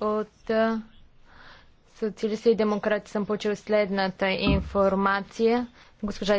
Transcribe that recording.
От социалисти и демократи съм получил следната информация. Госпожа